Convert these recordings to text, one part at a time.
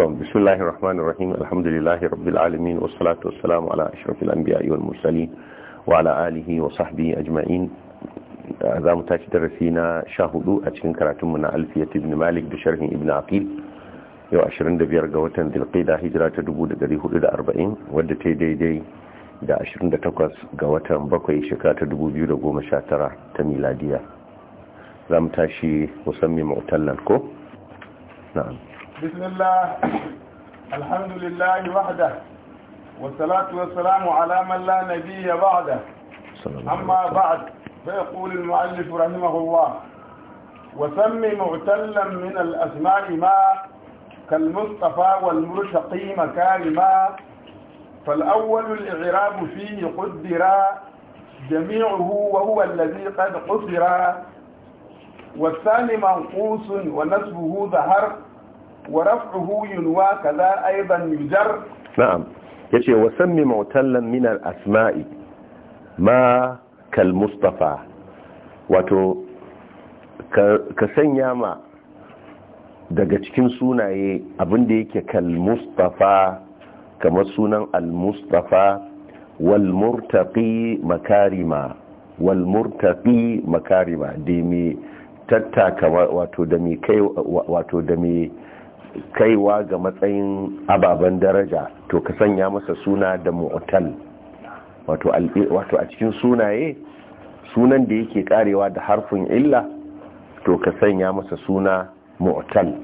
tom bismillahir rahmanir rahim alhamdulillahi rabbil alamin wassalatu wassalamu ala ashrafil anbiya'i wal musali wa ala alihi wa a ajma'in uh, za mu tashi darasi na sha hudu a cikin karatunmu na alfiyat ibn malik da sharhin ibn aqil yau biyar ga watan da hijira ta arba'in wadda ta daidai da takwas ga watan bakwai shekara ta tara ta miladiya za mu tashi musamman mu'tallan ko بسم الله الحمد لله وحده والصلاة والسلام على من لا نبي بعده أما بعد فيقول المؤلف رحمه الله وسم معتلا من الأسماء ما كالمصطفى والمرشقي مكارما فالأول الإعراب فيه قدرا جميعه وهو الذي قد قدرا والثاني منقوص ونسبه ظهر wa ينوى كذا kaza يجر نعم na'am وسمي wa من mutallan ما كالمصطفى asmai ma kal wato ka sanya ma daga cikin sunaye abin da yake kal mustafa kamar sunan al-mustafa wal murtaqi makarima wal murtaqi makarima da mai tattaka wato kai wato da mai kaiwa ga matsayin ababen daraja to ka sanya masa suna da mu'tal wato a cikin sunaye sunan da yake karewa da harfin illa to ka sanya masa suna mu'tal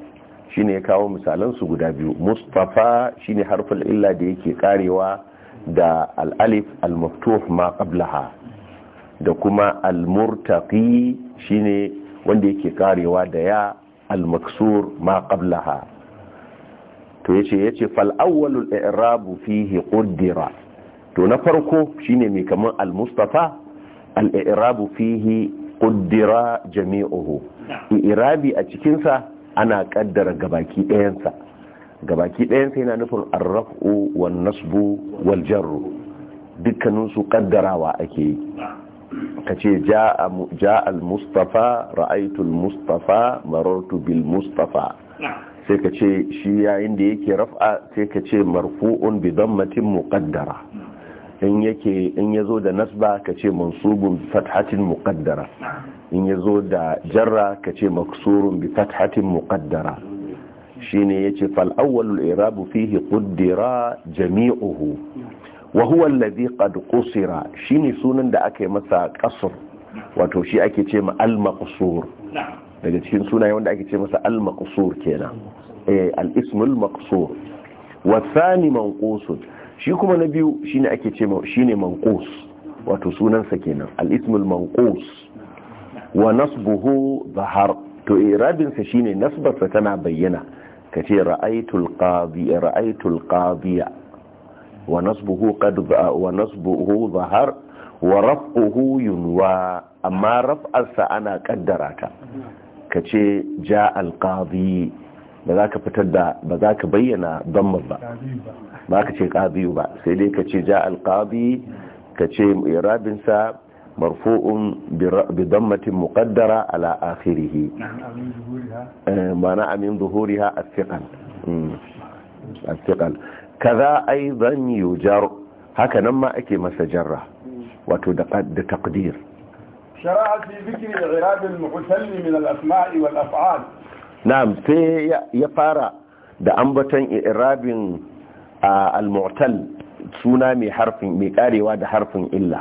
shine ya kawo misalansu guda biyu mustafa shine harfin illa da yake karewa da al-alif al-maftuh ma qablaha da kuma al-murtaqi shine wanda yake karewa da ya al-maksur ma qablaha to yace yace fal awwalul i'rabu fihi quddira to na farko shine mai kaman al mustafa al i'rabu fihi quddira jami'uhu i'rabi a cikin sa ana kaddara gabaki ɗayansa gabaki ɗayansa yana nufin ar-raf'u wan nasbu wal jarru dukkanin su kaddarawa ake yi ka ce ja al mustafa al mustafa marartu bil mustafa sai ka ce shi yayin da yake raf'a sai ka ce marfu'un bi dammatin muqaddara in yake in yazo da nasba ka ce mansubun bi fathatin muqaddara in yazo da jarra ka ce maksurun bi fathatin muqaddara shine yace fal awwalul i'rabu fihi quddira jami'uhu wa huwa alladhi qad qusira shine sunan da aka yi masa qasr wato shi ake ce ma al maqsur daga cikin sunaye wanda ake ce masa al-maqsur kenan eh al-ismul maqsur wa thani manqusun shi kuma na biyu shine ake ce shine manqus wato sunansa kenan al-ismul manqus wa nasbuhu zahar to irabin eh, sa shine nasbarsa tana bayyana kace ra'aytul qadi ra'aytul qadiya wa nasbuhu qad wa nasbuhu zahar wa raf'uhu yunwa amma raf'arsa ana kaddara ka ce ja alƙazi ba za ka fitar da ba za ka bayyana damar ba ba ka ce ƙaziyu ba sai dai ka ce ja alƙazi ka ce rabinsa marfu'un bi dammatin muqaddara ala akhirih eh, ma'ana amin zuhuriha hmm, as-siqal kaza aidan yujar haka nan ma ake masa jarra wato da takdir. شرع في ذكر إعراب المحسن من الأسماء والأفعال نعم في يفارع da ambaton irabin al-mu'tal suna mai harfin mai karewa da harfin illa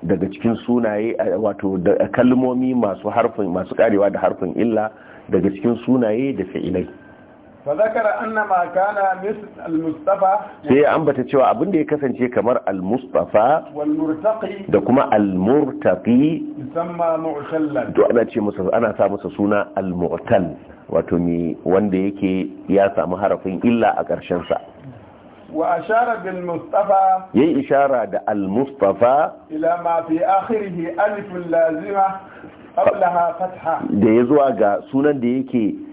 daga cikin sunaye wato da kalmomi masu harfin masu karewa da harfin illa daga cikin sunaye da fi'ilai فذكر أن ما al مثل Sai سي cewa abin da ya kasance kamar al-mustafa da kuma al-murtaqi yusamma mu'tallan to ana ce musu ana sa suna al-mu'tal wato ni wanda yake ya samu harafin illa a ƙarshen sa wa ashara bil mustafa yayi ishara da al-mustafa ila ma fi akhirihi alif lazima qablaha fatha da ya zuwa ga sunan da yake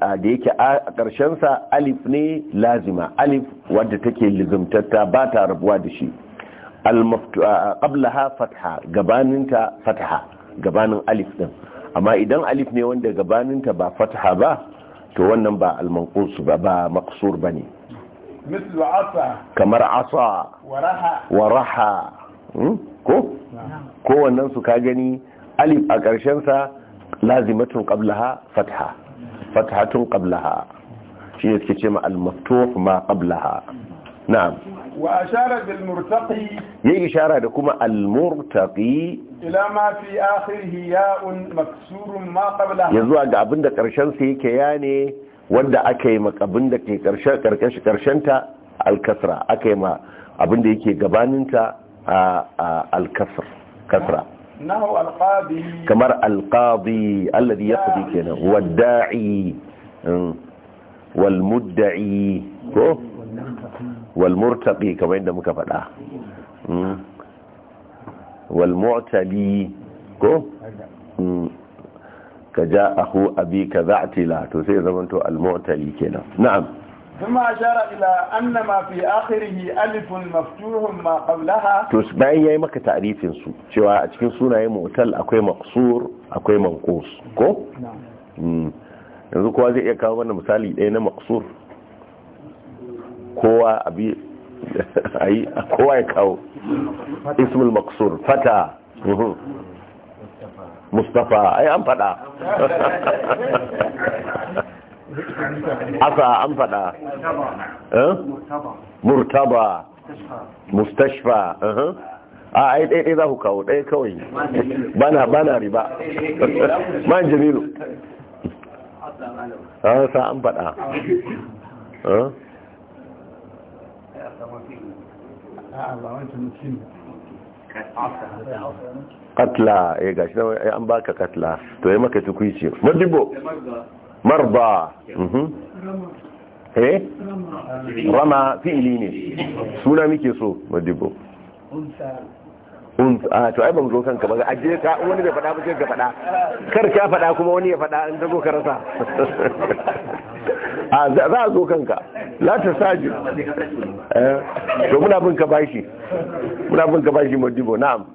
da yake a ƙarshensa alif ne lazima alif wadda take lizumtatta ba ta rabuwa da shi qablaha fatha gabaninta fatha gabanin alif din amma idan alif ne wanda gabaninta ba fatha ba to wannan ba al-manqus ba ba maqsur bane ne asa kamar asa waraha waraha hmm? ko ko wannan su ka gani alif a ƙarshensa lazimatun qablaha fatha fathatun qablaha shi ne suke ce ma al-maftuh ma qablaha na'am wa ashara bil murtaqi yayi ishara da kuma al-murtaqi ila ma fi akhirih ya'un maksurun ma qablaha yanzu ga abinda karshen sa yake ya ne wanda aka yi makabin da ke karshen karkashi karshenta al-kasra aka yi ma abinda yake gabaninta al-kasr kasra nahu alqadi kamar alqadi alladhi yaqdi kenan wadda'i hmm, wal mudda'i ko wal murtaqi kamar yadda muka faɗa hmm, wal mu'tali ko hmm, ka ja'ahu abika za'tila to sai zamanto al mu'tali kenan na'am ثم أشار إلى أن ما في آخره ألف مفتوح ما قبلها to maka ta'rifin su cewa a cikin sunayen mu'tal akwai maqsur akwai كو؟ نعم hmm. yanzu kowa zai iya kawo mana misali ɗaya na maqsur kowa abi kowa ya kawo ismul maqsur fata hmm. mustafa ai an fada asa an faɗa eh? murtaba mustashfa a ai ɗaya, za ku kawo ɗaya kawai bana bana riba man jamilu asa an faɗa eh? katla ya eh, gashi an baka katla to ya maka tukwici madibo marba mhm. eh rama fi'ili ne suna muke so madibo a ah, to ai ban zo kanka ba aje ka wani bai faɗa ba sai ka faɗa kar ka faɗa kuma wani ya faɗa in zago ka rasa ah, a za a zo kanka la ta saji eh? to muna bin ka bashi muna bin ka bashi madibo na'am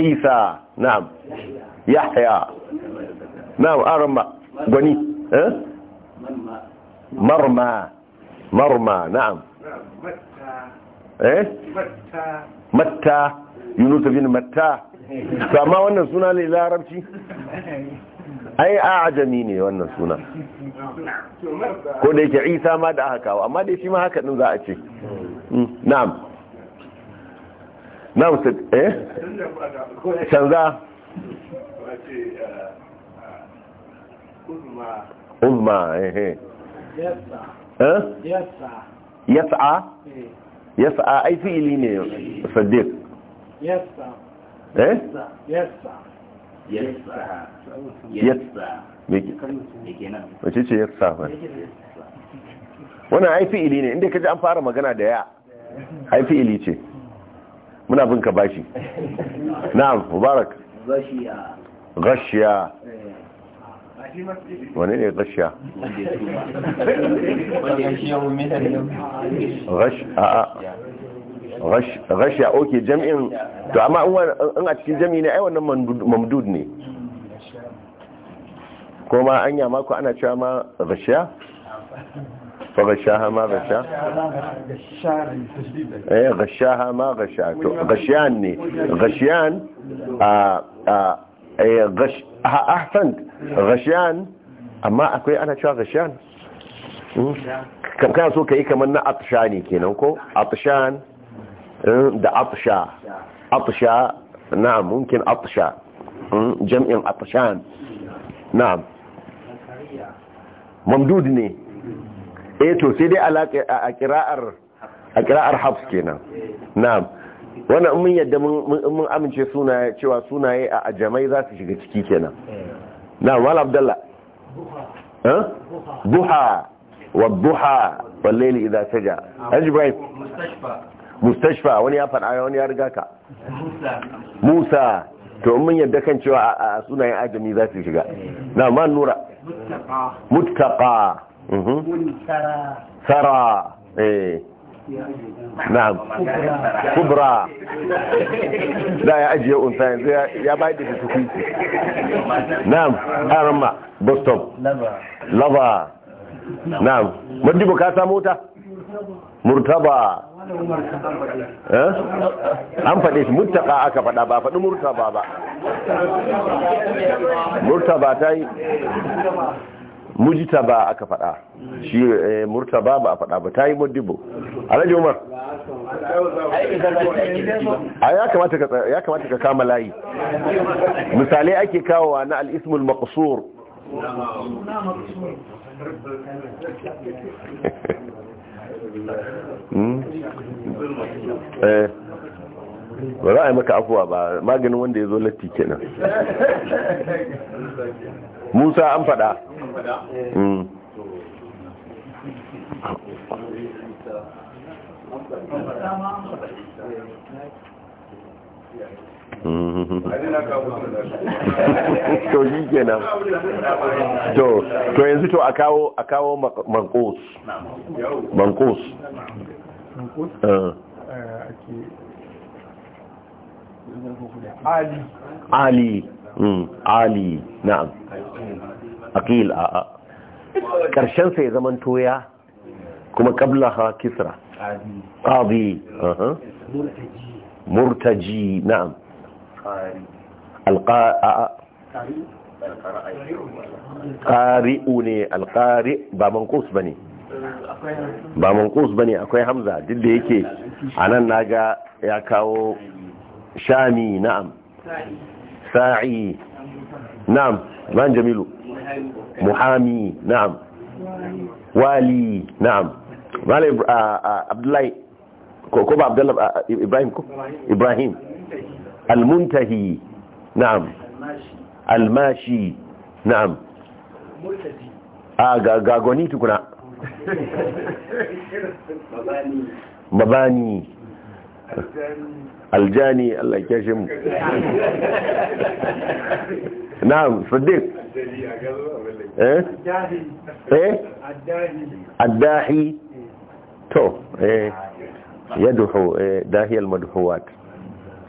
isa hmm? na'am yahya نعم aran غني gwani eh marma marma na'am يونس بن متى فما matta wannan suna ne larabci ai ajami ne wannan suna ko da yake isa ma da aka kawo amma dai shi ma haka din za a ce hmm, na'am na'am eh canza umma ehe eh. yas'a eh. yas'a ai fi'ili ne sadiq yas'a eh yas'a yas'a yas'a wace ce yas'a ba wannan ai fi'ili ne inda kaji an fara magana da ya ai fi'ili ce muna bin ka bashi na'am mubarak gashiya gashiya eh. wani ne gashiya gashiya ok jami'in to amma in a cikin jami'i ne ai wannan mamdud ne kuma an yama ku ana cewa ma gashiya فغشاها ما ma ايه غشاها ما غشا غشياني غشيان ايه غش احسنت rashiyan amma akwai ana cewa rashiyan hmm? kana so ka yi kamar na atisha ne kenan ko atshan hmm, da atisha, atisha na munkin atisha, hmm, jam'in atshan na mamdud ne eh to sai dai a kira'ar a kira'ar hafs kenan Na. wannan mun yadda mun amince suna cewa sunaye a ajamai za su shiga ciki kenan na mal abdalla duha wa duha wallaili idza saja ajbai mustashfa wani ya faɗa wani ya riga ka musa to mun yadda kan cewa a sunayen ajami za su shiga na ma nura muttaqa mhm. sara eh na'am kubra a ya ajiye unsa yanzu ya bai da tukuki na'am arma bostop lava na'am madibo ka samu ta eh? an faɗe shi aka faɗa ba faɗi murtaba ba murtaba ta yi Mujita ba aka faɗa shi eh, murtaba ba a faɗa ba ta yi modibo alhaji umar a ya kamata ka kama layi misalai ake kawowa na al'ismul makasur hmm? eh. ba za a yi maka afuwa ba maganin wanda ya zo latti kenan musa an fada mm. mm. to shi kenan to to yanzu to a kawo a kawo mankos mankos uh. eh, ali Hmm. ali na'am aqil a'a. karshen sa ya zaman toya kuma ha kisra qadi murtaji na'am alqa ne alqari ba manqus bane ba manqus bane akwai hamza duk da yake anan naga ya kawo shami na'am sa'i na'am man jamilu muhami na'am wali na'am malam abdullahi ko ba abdullahi ibrahim almuntahi na'am almashi na'am a tukuna mabani aljani Allah ya shi mu na'am sadiq eh eh addahi to eh yadhu eh, dahi almadhuwat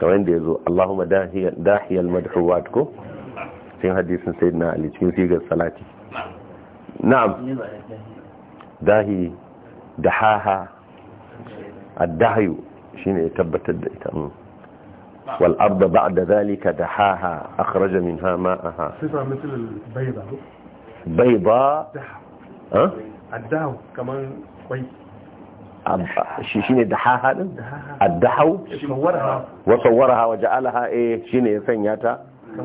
kamar da yazo Allahumma dahi dahi almadhuwat ko cikin hadisin sayyidina Ali cikin sigar salati na'am dahi dahaha addahi شين تبت الدئتا والأرض بعد ذلك دحاها أخرج منها ماءها صفة مثل البيضة بيضاء دحا ها الدهو كمان كويس شنو دحاها الدحو صورها وصورها وجعلها ايه شيني فنياتا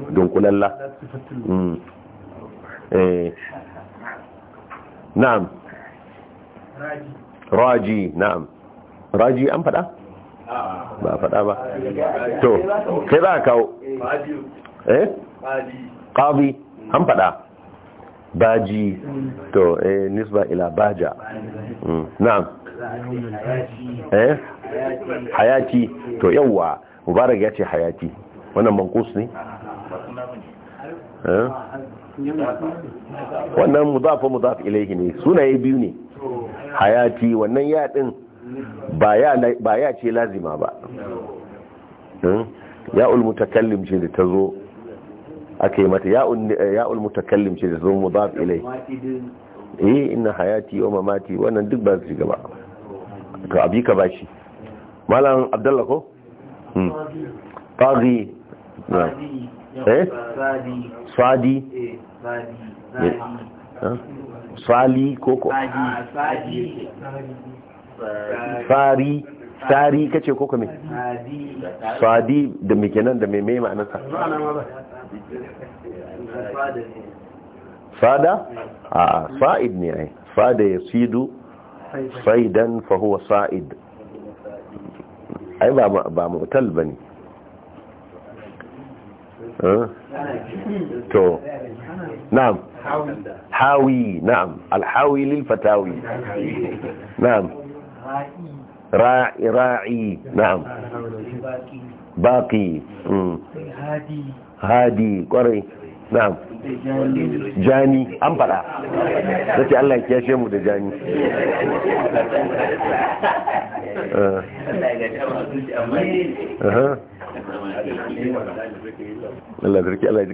دون كل الله نعم راجي راجي نعم راجي ام فدا ba a faɗa ba to kai za a kawo eh ƙabi an faɗa baji to eh nisba ila baja mm, na'am eh hayati to yawwa mubarak ya ce hayati wannan mankus ne eh? wannan mudafa mudafa ilayhi ne sunaye biyu ne hayati wannan yaɗin ba ya ce lazima ba hmm? Ya mutakallim ce da ta zo aka yi mata ya'ul mutakallim ce da zo mu ba ilai eh ina hayati wa mamati wannan duk ba su shiga ba to abi ka bashi malam abdullah ko hmm. qadi eh sadi sadi eh. sali koko sadi fari sari kace ko kuma fadi da muke nan da meme me ma'anarsa fada a sa'id ne ai fada sidu saidan fa huwa sa'id ai ba ba mutal bani. to na'am hawi na'am alhawi lil fatawi na'am ra'i ra'i na'am baqi hmm. hadi hadi kwarai na'am jani an fada ce Allah ya kiyashe mu da jani eh. Allah zarki yake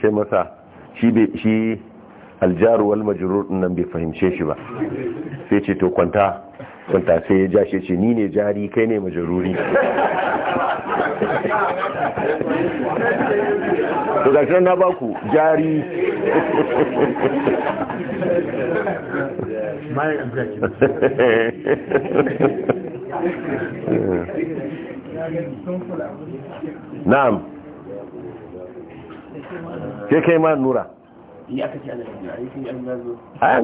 ce masa shi aljaru wal majrur nan bai fahimce shi ba sai ce to kwanta kwanta sai ya ja shi ce ni ne jari kai ne majruri to ga na baku jari na'am ke kai ma nura an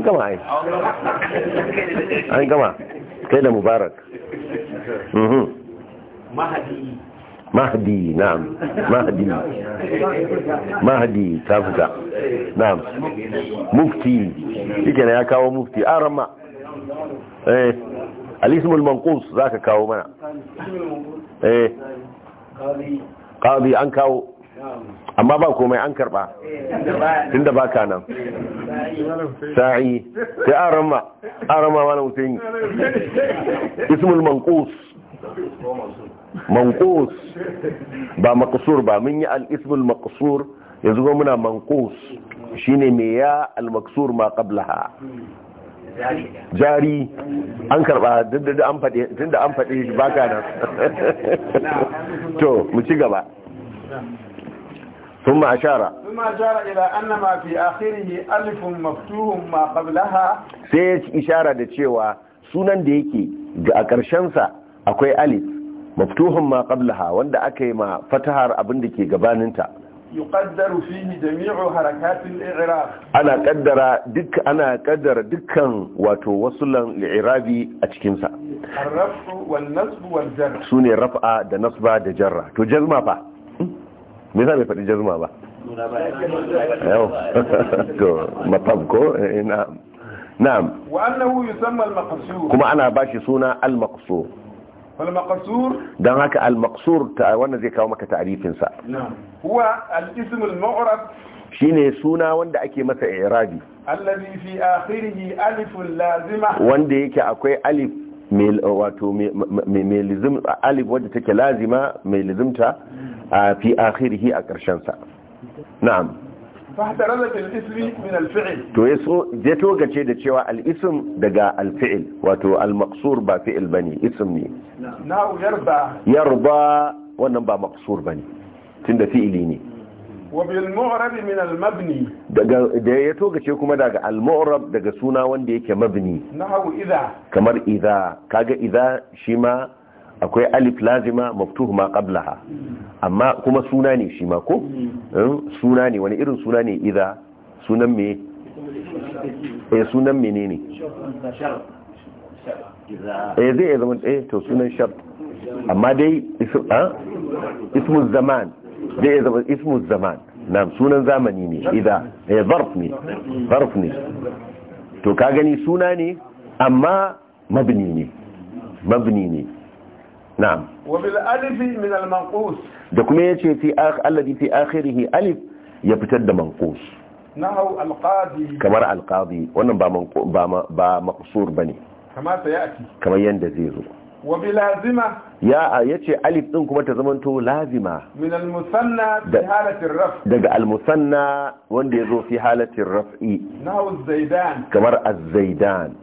gama ai an gama kai da mubarak mhm. mahadi mahadi na'am mahadi mahadi ta fita na'am mufti shike ya kawo mufti a ah, rama eh al-ismul manqus zaka kawo mana eh qadi an kawo amma ba komai an karba tunda ba ka nan sa'i sai arama arama wani hussein ismul manqus manqus ba maqsur ba mun yi al-ismul maqsur yanzu kuma muna manqus shine me ya al-maqsur ma qablaha jari an karba da an faɗe tunda an faɗe shi baka nan to mu ci gaba ثم أشار ثم أشار إلى أن ما في آخره ألف مفتوح ما قبلها سيج إشارة دتشيوا sunan da yake ga a ƙarshensa akwai alif maftuhun ma qablaha wanda aka yi ma fatahar abin da ke gabaninta yuqaddaru fihi jami'u harakatil i'rab ana kaddara duk ana kaddara dukkan wato wasulan li'irabi a cikinsa. sa ar-raf'u wan wal jar sune raf'a da nasba da jarra to jazma me za mai faɗi jazuma ba yau to matab ko eh, na'am na'am wa annahu yusamma al-maqsur kuma ana bashi suna al-maqsur فالمقصور dan haka al-maqsur wannan zai kawo maka ta'rifin sa huwa al-ism al-mu'rab shine suna wanda ake masa i'rabi allazi fi akhirih alif lazima wanda yake akwai alif wato mai alif wadda take lazima mai lazimta hmm. a fi akhirihi a ƙarshen sa na'am fahtarazat al-ism min al-fi'l to yaso je togace da cewa al-ism daga al-fi'l wato al-maqsur ba fi'l bane ism ne na'u yarba yarba wannan ba maqsur bane tunda fi'li ne da ya togace kuma daga al-mu'rab daga suna wanda yake mabni nahwu idha kamar idha kaga idha shi ma akwai alif lazima maftuhu ma qablaha amma kuma suna ne shi ma ko hmm. Hmm, suna ne wani irin suna ne idza sunan me eh sunan menene eh zai zama eh to sunan shart amma dai ismu zaman zai zama ismu zaman na'am sunan zamani ne idza eh zarf ne zarf ne to ka gani suna ne amma mabni ne mabni ne na'am wa bil alif min al manqus da kuma yace fi alladhi fi akhirih alif ya fitar da manqus nahu al qadi kamar al qadi wannan ba ba ba maqsur bane kama sayati kamar yanda zai zo wa lazima ya yace alif din kuma ta zamanto lazima min al musanna fi halati raf daga al musanna wanda yazo fi halati raf'i nahu zaidan kamar az zaidan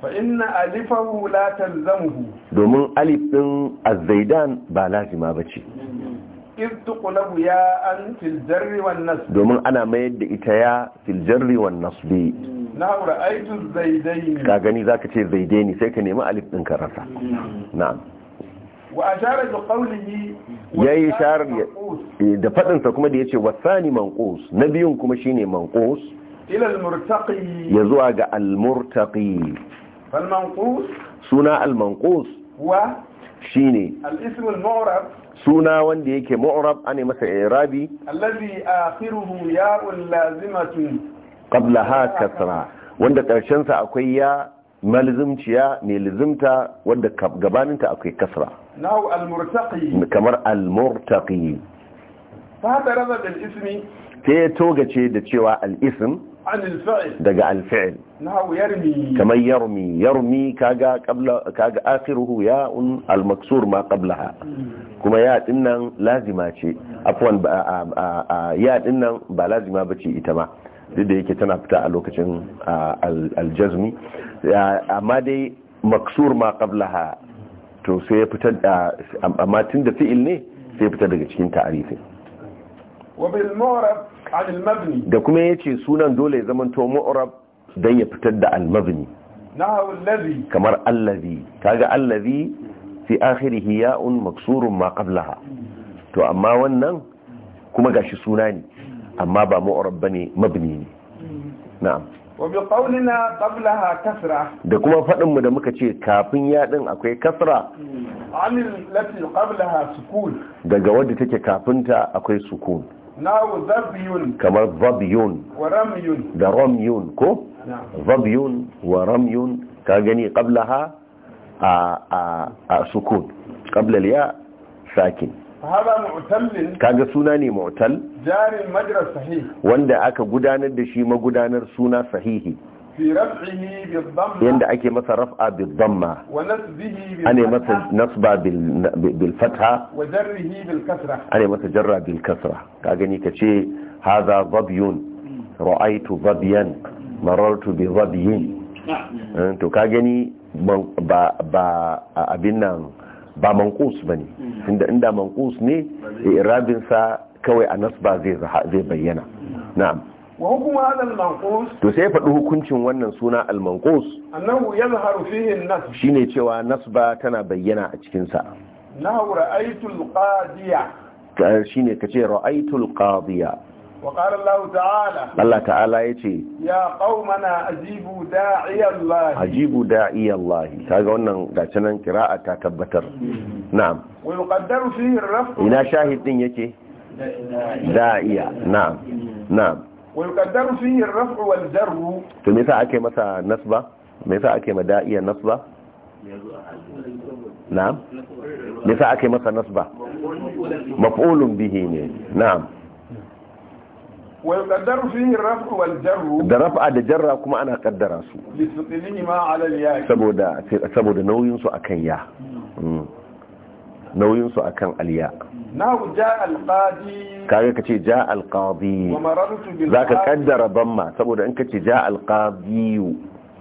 fa inna alifahu la talzamuhu domin alif din az-zaidan ba lazima bace ce. tuqlabu ya an fil jarri wan domin ana mayar da ita ya fil jarri wan nasb na ra'aytu az-zaidain ka gani zaka ce zaidaini sai ka nemi alif din ka rasa na'am wa ashara bi qawlihi yayi ishar da eh, fadin sa kuma da yace wasani manqus na biyun kuma shine manqus ila al-murtaqi ya zuwa ga al-murtaqi suna al-manqus shine al-ism al-mu'rab suna wanda yake mu'rab ane masa i'rabi allazi akhiruhu ya'un lazimatun qablaha kasra wanda karshen sa akwai ya malzumciya mai lizimta wanda gabaninta akwai kasra nau al kamar al-murtaqi fa tarada bil ismi sai togace da cewa al-ism daga alfi'il kamar yarmi yarmi kaga qabla kaga akhiruhu ya'un al-maksur ma qablaha kuma ya dinnan lazima ce afwan ya nan ba lazima bace ita ma duk da yake tana fita a lokacin aljazmi amma dai maksur ma qablaha to sai ya fita amma tunda fi'il ne sai ya fita daga cikin ta'arifin wa bil mu'rab da kuma ya ce sunan dole ya zama to mu'rab don ya fitar da almabni kamar allazi kaga allazi fi akhirihi ya'un maksurun ma qablaha to amma wannan kuma gashi suna ne amma ba mu'rab bane mabni ne na'am wa bi qawlina qablaha kasra da kuma fadin mu da muka ce kafin ya din akwai kasra anil lati qablaha sukun daga wadda take kafinta akwai sukun kamar zabiyun da ramyun ko zabiyun wa ramyun ka gani qablaha a a sukun qabla ya sakin kaga suna ne jarin sahihi. wanda aka gudanar da shi magudanar suna sahihi yanda ake masa raf'a bil dhamma ane masa nasba bil fatha ane masa jarra bil kasra ka gani kace hadha zabiyun ra'aitu zabiyan marartu bi dhabyin to ka gani ba abin nan ba manqus bane ne. inda manqus ne irabinsa kawai a nasba zai zai bayyana na'am wa hukum hadha al to sai ya faɗi hukuncin wannan suna al-manqus annahu yadhharu fihi an-nasb shine cewa nasba tana bayyana a cikin sa nahu ra'aytul qadiya shine kace ra'aytul qadiya وقال الله تعالى الله تعالى يتي يا قومنا اجيبوا داعي الله اجيبوا داعي الله kaga wannan gace nan qira'a ta tabbatar na'am wa yuqaddaru fihi ar-raf'u ina shahid din yake da'iya na'am na'am wa yuqaddaru fihi ar-raf'u jarru to me yasa ake masa nasba me yasa ake ma da'iya nasba na'am me yasa ake masa nasba maf'ulun bihi ne na'am wa yuqaddaru fihi ar jarru da raf'a da jarra kuma ana kaddara su li ma 'ala al-ya saboda saboda nauyin su akan ya hmm. Hmm. Nauyinsu a akan aliya nahu ja alqadi kaga kace ja alqadi zaka kaddara bamma saboda in ce ja alqadi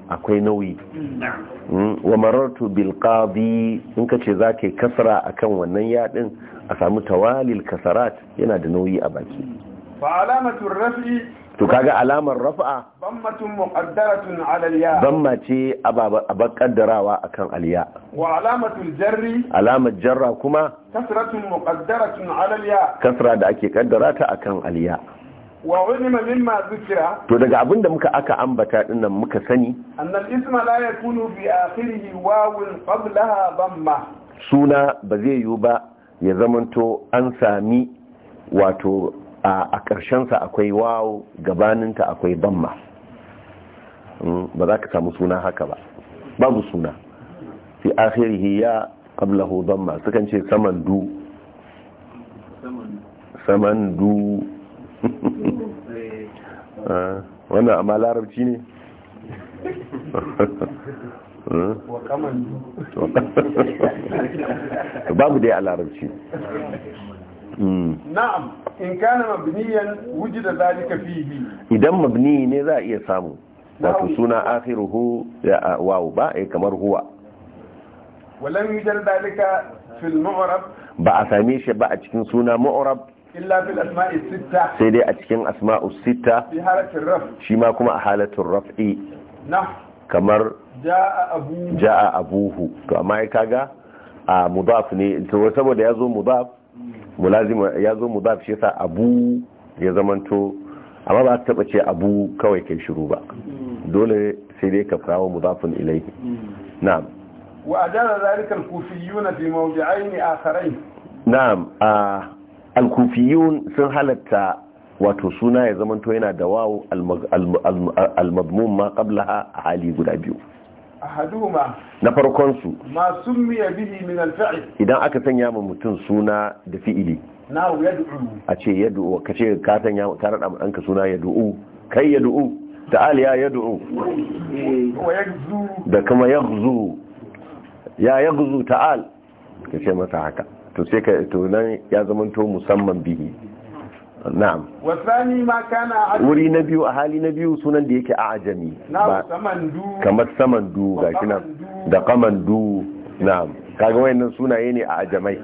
akwai nauyi hmm? wa marartu bil qadi in kace zaka kasra akan wannan yadin a samu tawalil kasarat yana da nauyi a baki to kaga alamar rafa'a dammatun muqaddaratun ala alya damma ce abakaddarawa akan alya wa alamatul jarri alamar jarra kuma kasratun muqaddaratun ala alya kasra da ake kaddara ta akan alya wa ulima mimma zikira to daga abin da muka aka ambata dinnan muka sani annal isma la yakunu bi akhirihi wawun qablaha damma suna ba zai yiwu ba ya zamanto an sami wato a ƙarshensa akwai wawo gabaninta akwai damma hmm, ba za ka samu suna haka ba babu suna fi akhirihi ya qablahu damma sukan ce saman du saman du ah, wannan amma larabci ne babu dai a larabci Mm. na'am in kana mabniyan wujida zalika fihi idan mabni ne za a iya samu wato suna akhiruhu ya wawu ba eh kamar huwa walam yujal zalika fil mu'rab ba a same shi ba a cikin suna mu'rab illa bil asma'i sitta sai dai a cikin asma'u sitta bi halatin raf shi ma kuma a halatin raf'i na kamar ja'a abuhu ja'a abuhu to amma kaga a mudaf ne to saboda yazo mudaf mulazima ya zo mudaf shi yasa abu ya zamanto amma ba taba ce abu kawai kai shiru ba dole sai dai ka kawo mudafin ilaihi hmm. na'am wa ajara zalika al-kufiyun fi mawdi'ain akharain na'am al-kufiyun sun halatta wato suna ya zamanto yana da wawu al-madmum ma qablaha hali guda biyu ahaduhuma na farkon su ma summiya bihi min al-fi'l idan aka sanya ma mutum suna da fi'ili na yad'u a ce yad'u ce ka sanya ka rada danka suna yad'u kai yad'u ta'al ya yad'u da kuma yaghzu ya yaghzu ta'al ce masa haka to sai ka to nan ya zamanto musamman bihi na'am wasani ma kana wuri na biyu a hali na biyu sunan da yake ajami kamar samandu gashi nan da kamandu na'am kaga wayannan sunaye ne a ajamai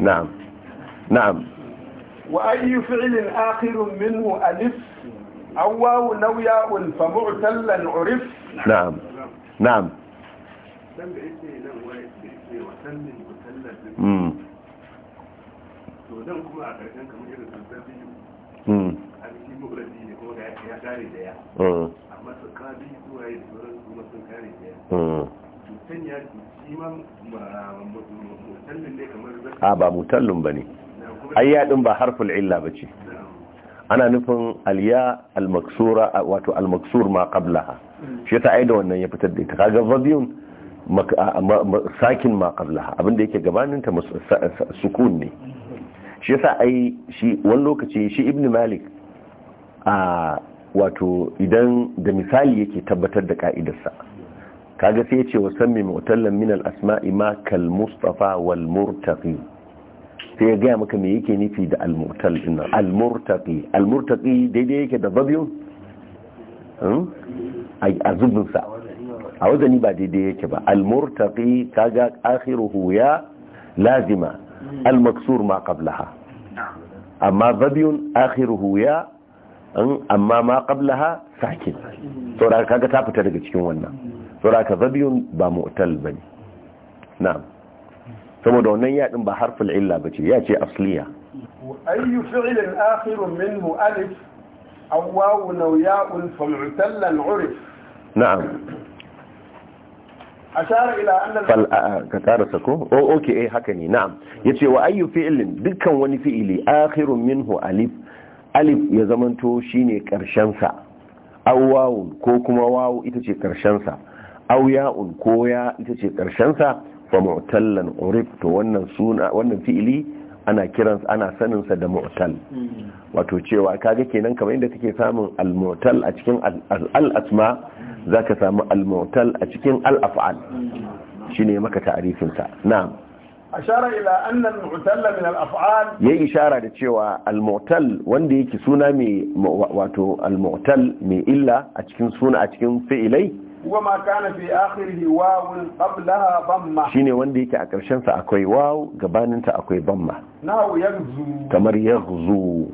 na'am na'am wa ayyu fi'lin akhirun minhu alif aw waw law fa mu'tallan urif na'am na'am Hmm. Hmm. Hmm. a ah, ba mutallin ba ne ayyadin ba harful illa ba ce ana nufin alya almaksura wato almaksur ma qablaha shi ta aida wannan ya fitar da ita kaga biyun ah, sakin ma qablaha abinda yake gabaninta sukun ne shi yasa ai shi wani lokaci shi ibn malik a wato idan da misali yake tabbatar da ka'idarsa kaga sai yace wa sammi mutallan min al asma'i ma kal mustafa wal murtaqi sai ya gaya maka me yake nufi da al mutal din al murtaqi al murtaqi daidai yake da zabiyu hmm? a zubin sa a wazani ba daidai yake ba al murtaqi kaga akhiruhu ya lazima al-maksur ma qablaha amma zabiyun akhiruhu ya amma ma qablaha sakin saboda kaga ta fita daga cikin wannan saboda ka zabiyun ba mu'tal bane na'am saboda wannan ya din ba harful illa bace ya ce asliya wa ayyu na'am ka karasa ko oh haka ne na'am yace wa ayyu fi'lin dukkan wani fi'ili akhirun minhu alif alif ya zamanto shine karshen sa aw wawun ko kuma wawu ita ce karshen sa aw ya'un ko ita ce karshen sa fa mu'tallan urif to wannan suna wannan fi'ili ana kiransa ana sanin sa da mu'tal wato cewa kaga kenan kamar inda take samun al a cikin al-asma za ka samu al mautal a cikin al-af'al ne maka ta'rifin na. na'am ashara ila annan al-mu'tal min al-af'al yi ishara da cewa al mautal wanda yake suna mai wato al mautal mai illa a cikin suna a cikin fi'ilai wa ma kana fi akhirih wawun qablaha Shi shine wanda yake a karshen sa akwai waw gabanin ta akwai bamma nahu yaghzu kamar yaghzu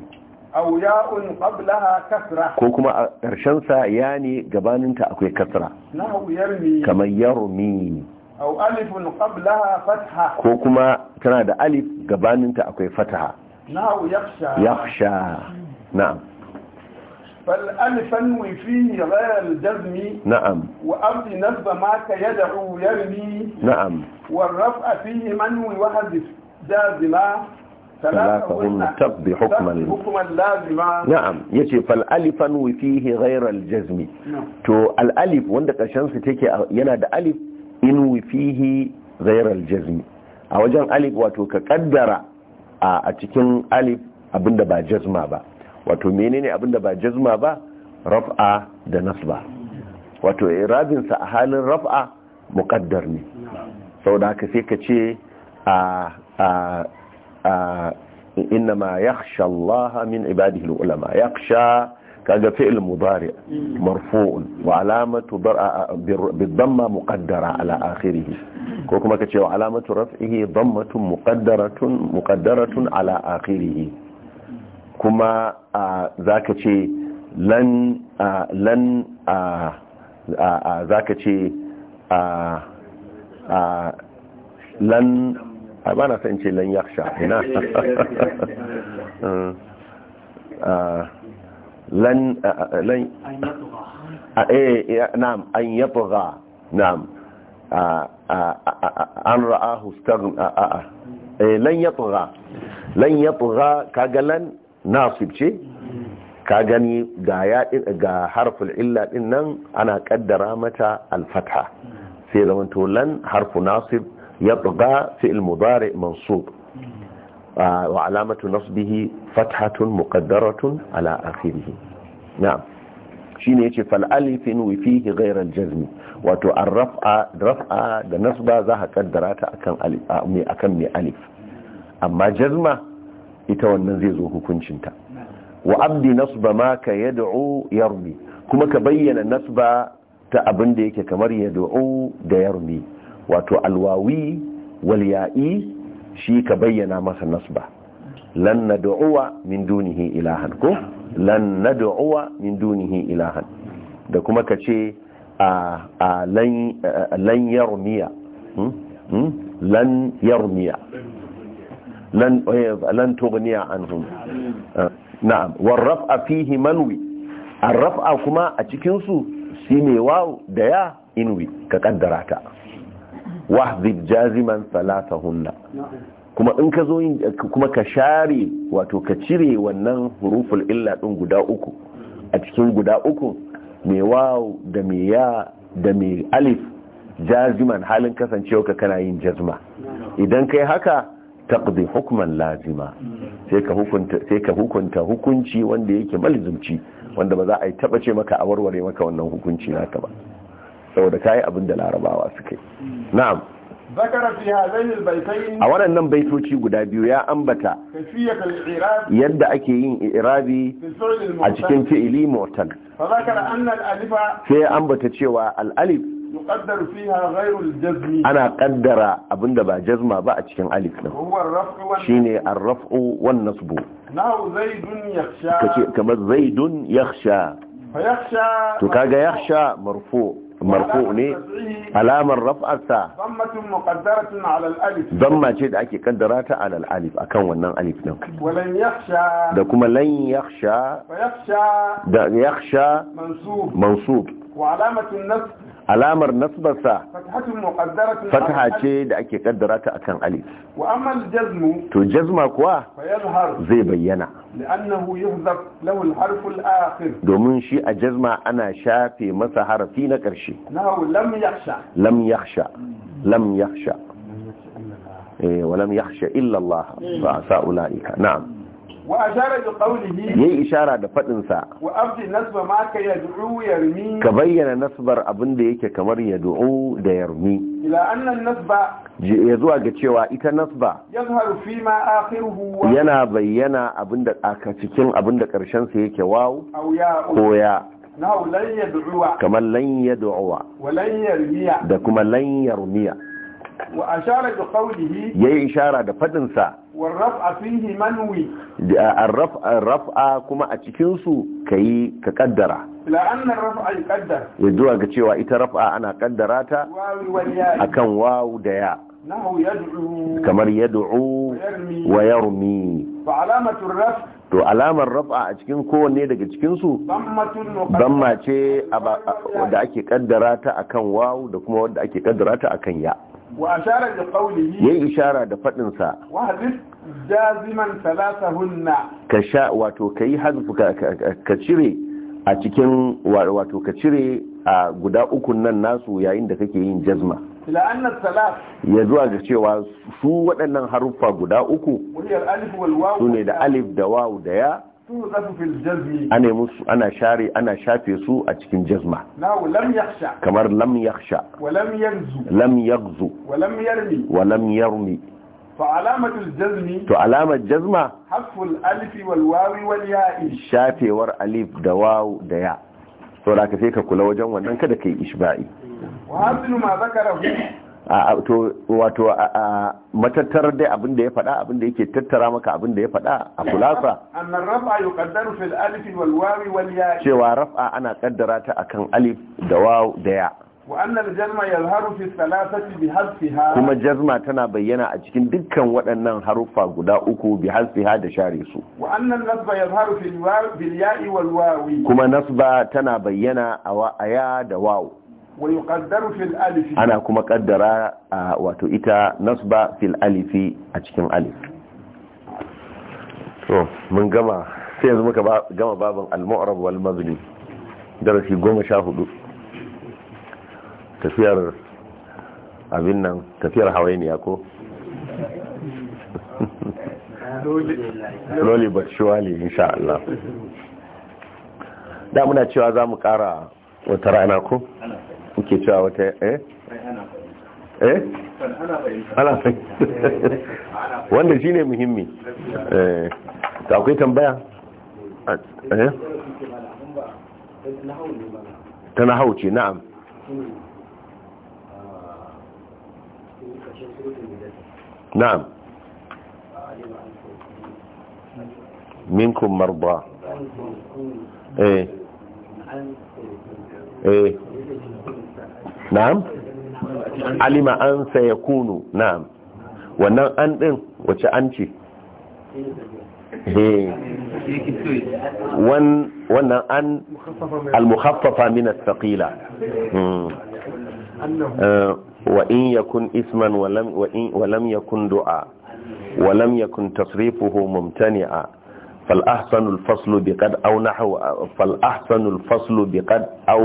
أو ياء قبلها كسرة كوكما أرشنسا يعني انت أكوي كسرة نحو يرمي كما يرمي أو ألف قبلها فتحة كوكما كان ألف ألف انت أكوي فتحة نحو يخشى يخشى نعم فالألف أنوي فيه غير الجزم نعم وأرض نصب ما كيدعو يرمي نعم والرفع فيه منوي وحذف جازما ثلاثهن تقضي حكما حكما لازما نعم يجي فالالف انو فيه su take yana da alif in fihi غير الجزم a wajen alif wato ka kaddara a cikin alif abinda ba jazma ba wato menene abinda ba jazma ba raf'a da nasba wato irabin sa a halin raf'a muqaddar ne saboda haka sai ka ce a إنما يخشى الله من عباده العلماء يخشى كذا فعل مضارع مرفوع وعلامة بالضمة مقدرة على آخره كما كتش وعلامة رفعه ضمة مقدرة مقدرة على آخره كما ذاك تشي لن لن ذاك تشي لن a ba na san ce lan yaksha ina ah, lan ah, ah, lan eh, eh na'am an yabgha na'am an ra'ahu staghna a a eh lan yabgha lan yabgha kaga lan nasib ce ka gani ga ya ga harful illa din nan ana kaddara mata al-fatha sai zaman to lan harfu nasib يطغى في المضارع منصوب وعلامة نصبه فتحة مقدرة على آخره نعم shine yace fal alifin wa fihi ghayr al jazm wato ar raf'a da nasba za ka kaddara ta akan mai alif amma jazma ita wannan zai zo hukuncin ta wa abdi nasba ma ka yad'u yarmi kuma ka bayyana nasba ta abinda yake kamar yad'u da yarmi wato alwawi walya'i shi ka bayyana masa nasba lan nad'uwa min dunihi ilahan ko lan nad'uwa min dunihi ilahan da kuma ka ce a hmm? Hmm? lan yarmiya lan yarmiya eh, lan tughniya anhum ah, na'am raf'a fihi manwi raf'a kuma a cikin su shine waw da ya inwi ka kaddara ta wahzib jaziman salatahunna kuma in ka zo kuma ka share wato ka cire wannan huruful illa din guda uku a cikin guda uku mai waw da mai ya da mai alif jaziman halin kasancewa ka kana yin jazma idan kai haka taqdi hukman lazima sai ka hukunta sai ka hukunta hukunci wanda yake malzumci wanda ba za a yi taba ce maka a warware maka wannan hukunci naka ba saboda kayi abin da larabawa kai. na'am a waɗannan baitoci guda biyu ya ambata yadda ake yin irabi a cikin fi'ili mortal sai ya ambata cewa al'alif ana qaddara abinda ba jazma ba a cikin alif din shine ar-raf'u wan nasbu kamar zaidun yakhsha to kaga yakhsha marfu' مرفوع ني علامه رفع تاع ضمه مقدره على الالف ضمه شي اكي كدراتا على الالف اكن ونن الف دا ولن يخشى دا لن يخشى يخشى يخشى منصوب منصوب وعلامه النصب alamar nasbarsa fataha ce da ake kaddara ta akan alif wa to jazma kuwa zai bayyana domin shi a jazma ana shafe masa harfi na ƙarshe lam yakhsha lam yakhsha lam yakhsha eh wa lam yakhsha illa allah fa sa'ulaika na'am ya yi ishara da faɗinsa ka bayyana nasbar abin da yake kamar ya du'u da yarmi ya zuwa ga cewa ita nasba yana bayyana abin da aka cikin abin da ƙarshensa yake wawu ko ya kamar lanyar du'uwa da kuma lanyar miya. wa yayi ishara da fadinsa a raf'a kuma a cikinsu ka yi ka kaddara ya zuwa ga cewa ita raf'a ana kaddara ta akan wawu da ya kamar yad'u wa yarmi to alamar raf'a a cikin kowanne daga cikinsu bamma ce da ake kaddara ta akan wawu da kuma wadda ake kaddara ta akan ya wa yayi ishara da faɗinsa. sa ka sha wato yi hazfu ka cire a cikin wato ka cire a guda ukun nan nasu yayin da kake yin jazma ya zuwa ga cewa su waɗannan haruffa guda uku su ne da alif da wawu da ya A nemi su ana share ana shafe su a cikin jazma kamar lam yakhsha lam yaghzu wa lam yarmi to alamar jazma haful alifi wal wawi wal ya'i shafewar alif da waw da ya saboda ka sai ka kula wajen wannan kada kai isba'i wa hasilu ma zakarahu wato matattar dai abin da ya faɗa abin da yake tattara maka abin da ya faɗa a kulasa cewa raf'a ana kaddara ta akan alif da waw da ya kuma jazma tana bayyana a cikin dukkan waɗannan haruffa guda uku bi hasfiha da share su kuma nasba tana bayyana a ya da waw ana kuma kaddara a wato ita nasba fil alifi a cikin alif to mun gama sai yanzu muka gama babin al-mu'rab wal mazlum darasi 14 tafiyar abin nan tafiyar hawainiya ko loli but surely insha Allah da muna cewa za mu kara wata rana ko kuke cewa wata eh eh ana fahimta wanda shine muhimmi eh akwai tambaya eh ta na hauce na'am na'am minkum marba eh eh na'am alima an sayakunu na'am wannan an din wace an ce wannan an al-mukhaffafa min as-saqila wa in yakun isman wa lam yakun du'a wa lam yakun tasrifuhu mumtani'a fal ahsanu al-faslu biqad aw nahwa fal ahsanu al-faslu biqad aw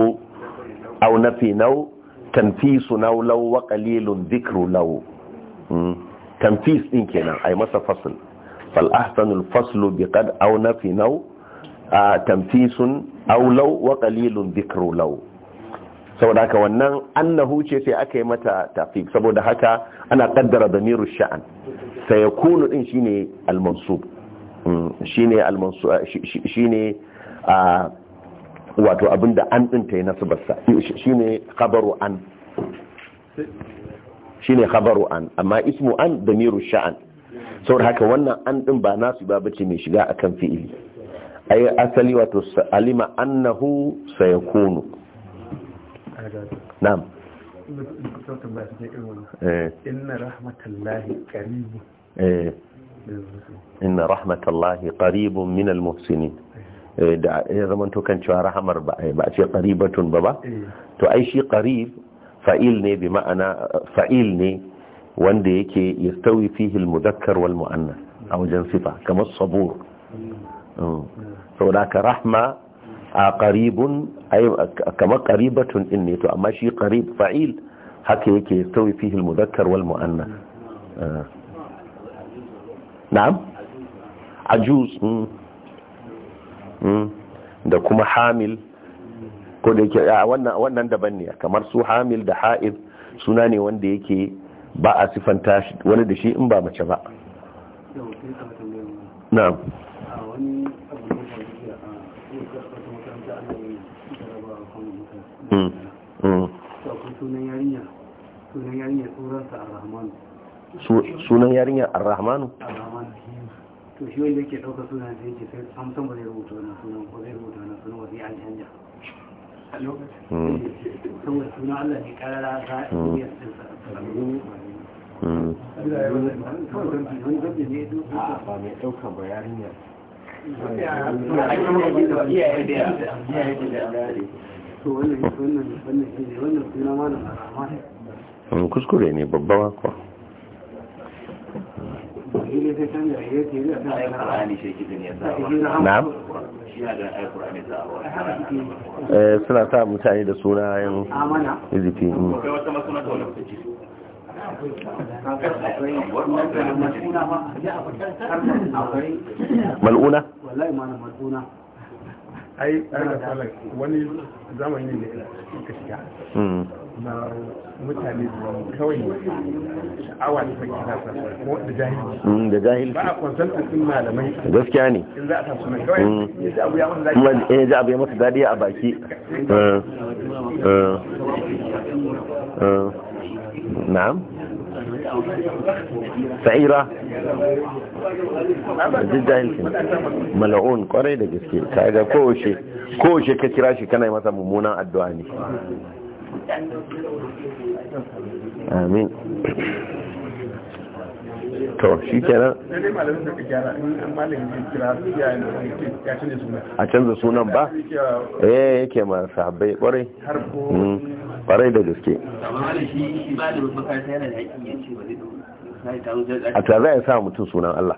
aw nafi naw tanfisu naulau wa qalilun dhikru law hmm? tanfis din kenan ai masa fasl fal ahsanul faslu bi qad aw fi naw tanfis aw law wa qalilun dhikru law saboda haka wannan annahu ce sai aka yi mata tafi saboda haka ana kaddara damiru sha'an sai yakunu din shine al-mansub hmm? shine al-mansub shine wato abinda an ɗinta ya nasu basa shi ne khabaru an shi ne khabaru an amma ismu an da miru sha'an saboda haka wannan an ɗin ba nasu ba bace mai shiga akan fi'ili ai asali wato alima annahu sayakunu na'am eh. inna rahmatallahi qaribun eh. min al-muhsinin Eh, da ya zama to cewa rahamar ba a ce qaribatun ba ba mm. to ai shi qarib fa'il ne bi ma'ana fa'il ne wanda yake yastawi fihi al-mudakkar wal mu'annas a wajen sifa kamar sabur mm. Mm. saboda ka rahma a qaribun ay kamar qaribatun din ne to amma shi qarib fa'il haka yake yastawi fihi al-mudakkar wal mu'annas eh. na'am ajuz Hmm? da kuma hamil ko da yake wannan daban ne kamar su hamil da ha'id suna ne wanda yake ba a siffanta wani da shi in ba mace ba na'am hmm. Hmm. sunan yarinya rahmanu to shi wanda yake ɗauka sunan sai yake sai san ba zai rubuta wannan sunan ko zai rubuta wannan sunan wasu an canja a lokacin hmm. saboda sunan allah ne karara hmm. hmm. kuskure ne babba kuwa? Eh, suna sa mutane da sunayen izifi mm. mal'una? wani zamani ne da suka shiga mm. na mutane kawai da mm, da a ne za a a mm. masa eh, a baki eh, eh, na'am sa'ira jahilci mal'un kwarai da gaske kaga kowace kowace ka kira shi kana yi masa mummunan addu'a ne amin to shi kenan a canza sunan ba eh yake ma sahabbai kwarai hmm. kwarai da gaske a tare yi sa mutum sunan Allah